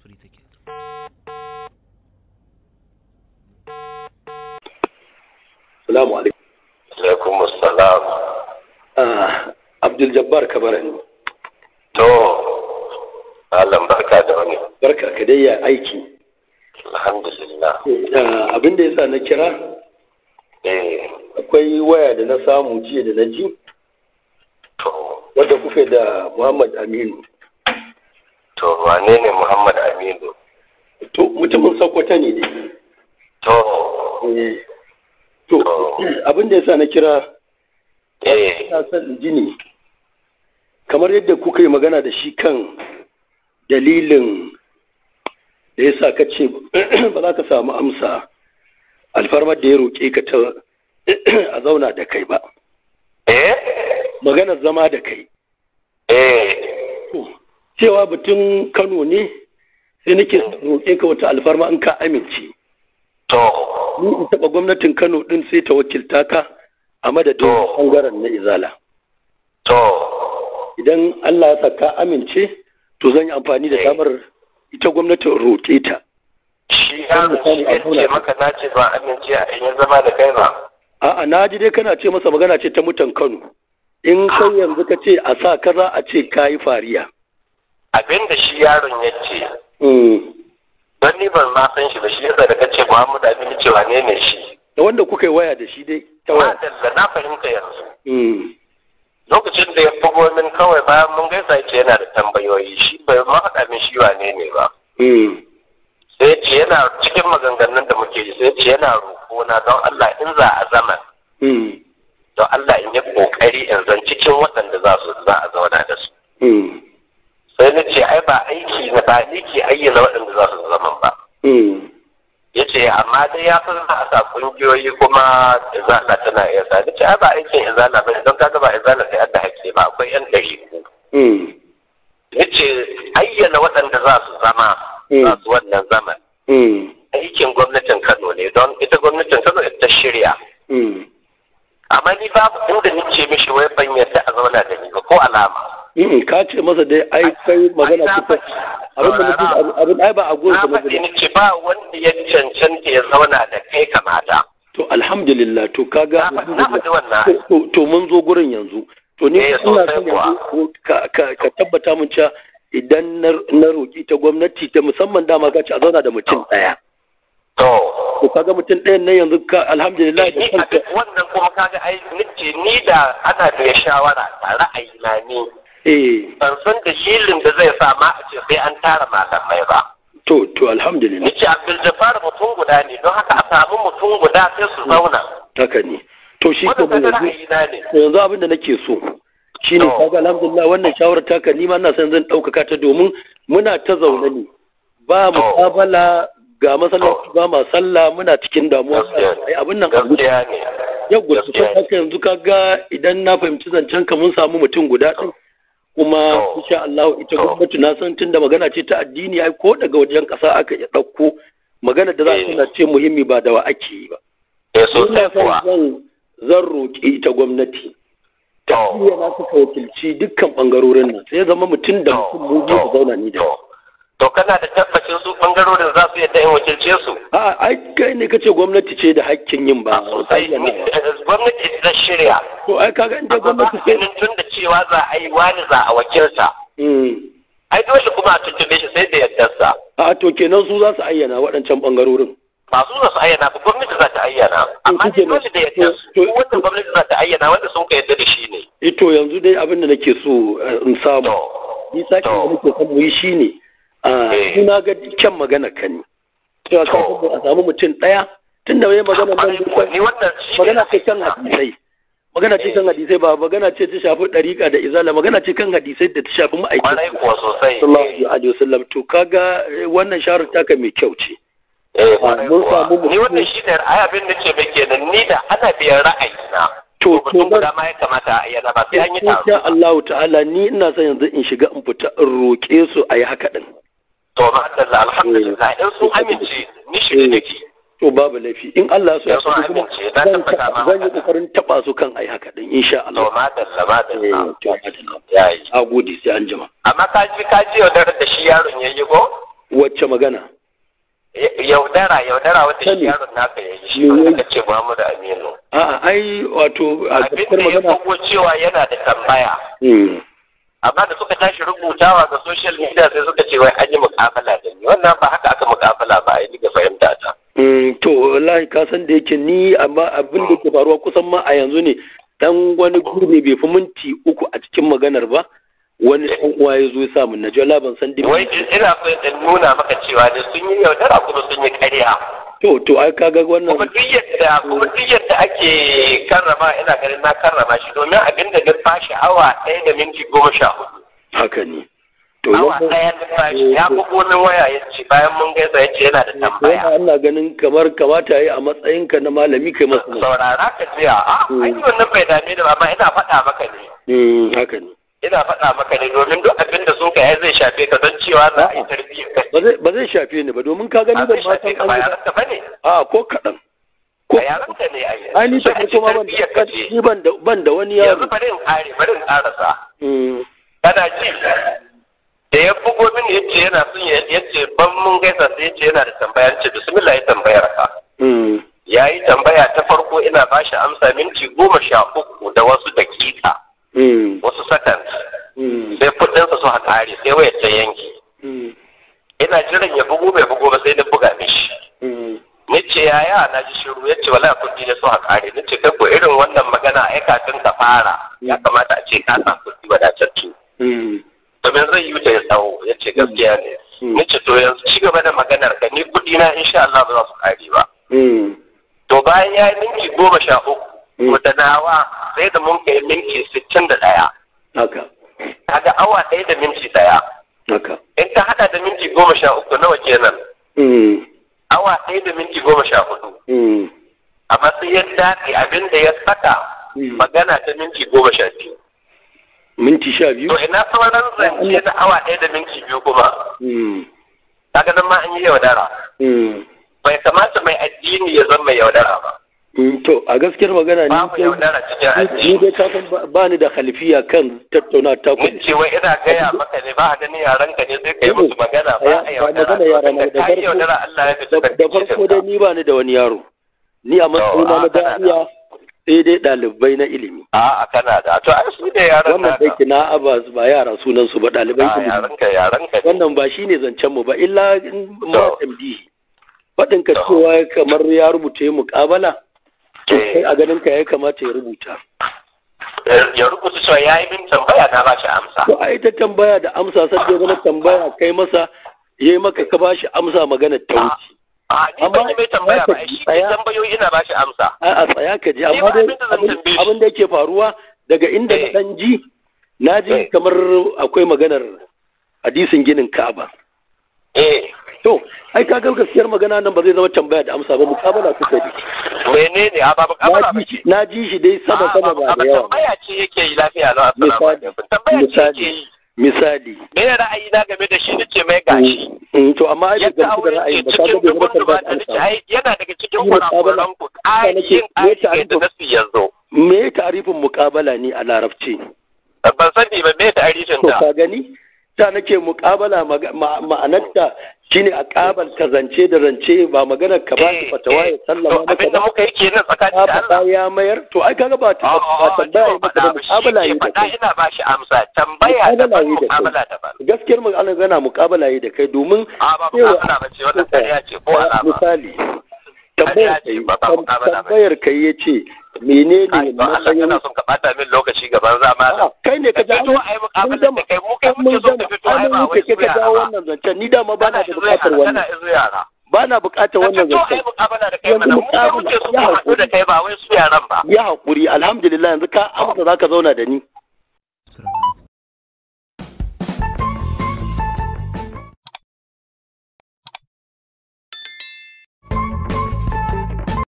kuskure take Salamu alaikum. salam assalam. Ah, Abdul Jabbar Kabarin. To, Alam barka da wani. Barka ka dai ya aiki. Alhamdulillah. Eh, ah, abin da yasa na kira? Eh. Akwai waya da na samu jiya da na ji? To. Wadda kuke da Muhammad Aminu. To wane ne Muhammad Aminu? To mutumin Sokoto ne dai. To. Eh. To abin da yasa na kira ta eh. san jini kamar yadda kuka yi magana da shi kan dalilin da yasa ka ce ba za ka samu amsa alfarmar da ya roƙe ka ta a zauna da kai ba. Eh? Maganar zama da kai. Eh. cewa batun Kano ne sai nake roƙe ka wata alfarma in ka amince. To. Ni in taɓa gwamnatin Kano ɗin sai ta wakilta ka a madadin ɓangaren na Izala. To. Idan Allah ya sa ka amince to zan yi amfani da samar eh. ita gwamnatin roƙe ta. Shi ya ce maka na ce ba amince a yanzu, zama da kai ba. A'a na ji dai kana ce masa magana ce ta mutan Kano. In kai ah. yanzu ka ce a sa kaza a ce ka yi fariya. abin da shi yaron ya ce mm. don ni ban ma san shi ba shi yasa da kace Muhammad Aminu cewa ne ne shi da wanda kuka yi waya da shi dai ta waya da na fahimta yanzu mm. lokacin da ya bugo min kawai bayan mun gaisa ce yana da tambayoyi shi bai ma faɗa min shi wane ne ba mm. sai ce yana cikin maganganun da muke yi sai ce yana na don Allah in za a zama. don Allah in yi ƙoƙari in zan cikin waɗanda za su za a zauna da su sai na ce ai ba aiki na ba aiki ayyana waɗanda za su zama ba hmm. ya ce amma dai ya san za a sa kungiyoyi kuma izala tana iya sa ni ce ai ba aikin izala ba don ka ba izala sai an da haƙƙi ba akwai yan ɗari ku ya hmm. ce ayyana waɗanda za su zama hmm. za su wannan zaman aikin gwamnatin Kano ne don ita gwamnatin Kano ita shirya amma ni babu inda ni ce mishi wai ban yadda a zauna da ni ba ko alama ka ce masa dai ai kai magana kusa abin da nake abin ai ba a gurin kuma ba ce ba wanda ya cancanta ya zauna da kai kamata to alhamdulillah to kaga to mun zo gurin yanzu to ni eh, ina son yanzu ka tabbata mun cewa idan na roƙi ta gwamnati ta musamman dama ka ce a zauna da mutum daya To kaga mutum ɗayan nan yanzu ka alhamdulillah eh, da Wannan kuma kaga ai ni da ana da shawara ra'ayi na ni Eh. ban san dalilin da zai sa ma a ce sai an tara malamai ba to to alhamdulillah yace abdul jabbar mutum guda ne don haka a samu mutum guda sai su zauna haka ne to shi ko yanzu yanzu abin da nake so Shi ne kaga alhamdulillah wannan shawarar taka ni ma ina son zan ɗaukaka ta domin muna ta zaune ne ba mu kabala ga masallaci ba ma sallah muna cikin damuwa ai abin nan gaskiya gudu. yau gudu haka yanzu kaga idan na fahimci zancen ka mun samu mutum guda ɗin kuma insha Allah ita gwamnati na san tunda magana ce ta addini ai ko daga wajen kasa aka ya dauko magana da za su eh. na ce muhimmi ba da wa ake yi ba. Eh, Ina son zan roƙi ita gwamnati. Ta iya za su wakilci dukkan bangarorin nan sai zama mutum da mutum mu zauna ni da. To kana da tabbacin su bangarorin za su yadda in wakilce su? A ai kai ne kace gwamnati ce da hakkin yin ba. Sosai eh, gwamnati ta shirya. To ai kaga inda gwamnati ce. tun da cewa za a yi wani za a wakilta. Mm. Ai dole kuma a tuntube shi sai da yaddarsa. A to kenan su za su ayyana waɗancan bangarorin. ba su za su ayyana ba gwamnati za ta ayyana amma dole da yadda wanda gwamnati za ta ayyana wanda sun ka yadda da shi ne ito eh, yanzu dai abin da nake so eh, in samu ni sake da nake son mu yi ne. suna ah, eh. ga kyan magana ka ne cewa ka a samu mutum ɗaya tun da wai magana nan magana ce kan hadisai magana ce kan eh. hadisai ba magana ce ta shafi ɗariƙa da izala magana ce kan hadisai da ta shafi ma'aikata sallallahu alaihi wasallam to kaga eh, wannan sharar taka mai kyau ce ah, mun samu mutum ni wannan shi ne ai abin da ce bai da ni da ana biyan ra'ayi na to to ba ma ya kamata yana ba sai an yi ta Allah ta'ala ni ina son yanzu in shiga in fita in roke su ayi haka din to ba Allah alhamdulillah eh. in sun amince ni shirye eh. nake to babu laifi in Allah ya so kuma zan yi kokarin taba su kan ai haka din insha Allah to madalla madalla eh, yayi a gode sai an jima amma ka ji ka ji yaudara da shi yaron yayi ko. wacce magana yaudara yaudara wata shi yaron naka yayi shi wanda ce Muhammadu Aminu a'a ai wato a cikin magana ko cewa yana da tambaya hmm. amma da suka tashi rubutawa ga social media sai suka ce wai an yi mukabala da ni wannan ba haka aka mukabala ba a yi ga fahimta ta eh, to wallahi ka san da yake ni amma abin da ke faruwa kusan ma a yanzu ne dan wani gurbi bai fi minti uku a cikin maganar ba wani ɗan uwa ya zo sa mun naji ban san dimi wai ina so in nuna maka cewa da sun yi yaudara kuma sun yi ƙarya to to ai kaga wannan kuma duk yadda kuma duk yadda ake karrama ina ganin na karrama shi domin abin da na bashi awa ɗaya da minti goma sha hudu haka ne to awa ɗaya da bashi ya bugo wani waya ya ce bayan mun gaisa ya ce yana da tambaya wannan ina ganin kamar kamata yayi a matsayin ka na malami kai masu. saurara ka jiya a mm. ai wannan bai dame da ba ina faɗa maka ne mm, haka ne ina faɗa maka ne domin duk abin da sun kai zai shafe ka don cewa za a yi tarbiyyar ka ba zai shafe ni ba domin ka gani ba, ma san an yi ba ne a ko kaɗan ko yaran ne a yi ta farko ma ban da wani yaro yanzu bari in ƙare bari in ƙarasa mm. kana ji da ya bugo min ya ce yana son ya ce ban mun gaisa sai ya ce yana da tambayar. ce bismillah ya tambayar ka mm. ya yi tambaya ta farko ina ba shi amsa minti goma sha uku da wasu dakika Mm. wasu seconds mm. sai kudinsa suka kare sai waya ta yanki mm. ina jiran ya bugu bai bugu ba sai na buga mishi nace yaya na ji shiru ya ce wala kudi da suka kare nace ta irin wannan magana ai kafin ka fara ya kamata a ce ka san kudi wadatattu domin zai yi ta ya tsawo ya ce gaskiya ne nace to yanzu ci gaba da maganar ka ni kudi na insha Allah ba za su kare ba to bayan ya yi minti goma sha uku da nawa sai da mun kai minti sittin da ɗaya. Haka. Kaga awa ɗaya da minti ɗaya. Haka. In ka haɗa da minti goma sha uku nawa kenan. Mm. Awa ɗaya da minti goma sha hudu. Mm. A matsayin daɗi abin da ya saka mm. magana ta minti goma sha biyu. Minti sha biyu? To ina sauran zance na awa ɗaya da minti biyu kuma. Kaga nan ma an yi yaudara. Bai kamata mai addini ya zama yaudara ba. Mm, to a gaskiyar magana ni babu yaudara cikin addini. Ni dai ba ni da halifiya kan tattauna ta kuma. Ni ce wai ina gaya maka ne ba gani yaran ka ne zai kai musu magana ba a yaudara. Magana yaran da farko yaudara Allah ya fita da farko dai ni ba ni da wani yaro. Ni a matsayina na da'iya sai dai ɗalibai na ilimi. A a kana da to ai su da yaran ka. Wannan dai kina Abbas ba yara sunan su ba ɗalibai ilimi. Yaran ka yaran ka. Wannan ba shine zancen mu ba illa ma MD. Faɗin ka cewa kamar ya rubuta muƙabala. Eh, a ganin ka ya kamata ya rubuta ya rubuta cewa ya yi min tambaya na ba shi amsa to a ta tambaya da amsa sai ya zama tambaya kai masa ya yi maka ka ba shi amsa magana ta ah, wuce ah, amma ni bai tambaya ba shi tambayoyi ina ba shi amsa a tsaya ka ji amma abin da yake faruwa daga inda na dan eh. ji na ji eh. kamar akwai maganar hadisin ginin Ka'aba eh to ai ka ga gaskiyar magana nan ba zai zama tambaya da amsa ba mukabala kuka yi menene a ba mukabala ba ce na ji shi dai sama ah, sama ba da yawa tambaya ce yake yi lafiya na asalamu alaikum tambaya ce yake yi misali me ne ra'ayi na game da shi nace mai gashi mm, mm, to amma ai da gamsu da ra'ayi ba ka ga bai mutar da amsa yana daga cikin kurakuran ku ayin ta da nasu yanzu me tarifin mukabala ne a larabci ban sani ba me tarifin da ka gani ta nake mukabala ma'anarta shine a kabal ka zance da zance ba magana ka ba eh, shi fatawa ya eh, sallama maka ba muka yi kenan tsakanin da Allah ya mayar to ai kaga ba ta oh, ba ta ba ta muqabala yi da kai ina ba shi amsa tambaya da muqabala da ba gaskiyar mun zana gana muqabala yi da kai domin a ah, ba muqabala ba ce wannan kariya ce ko eh, alama misali tambayar kai ya ce Mene ne Allah kana son ka bata min lokaci gaban zama kai ne ka jawo ai mukabalar da kai mu kai muke zo ka fito ai ba wai ka jawo wannan zancen ni dama ba na da bukatar wannan ba na bukatar wannan zancen yanzu mukabala ya hakuri da kai ba wai su yaran ba ya hakuri alhamdulillah yanzu ka amsa zaka zauna da ni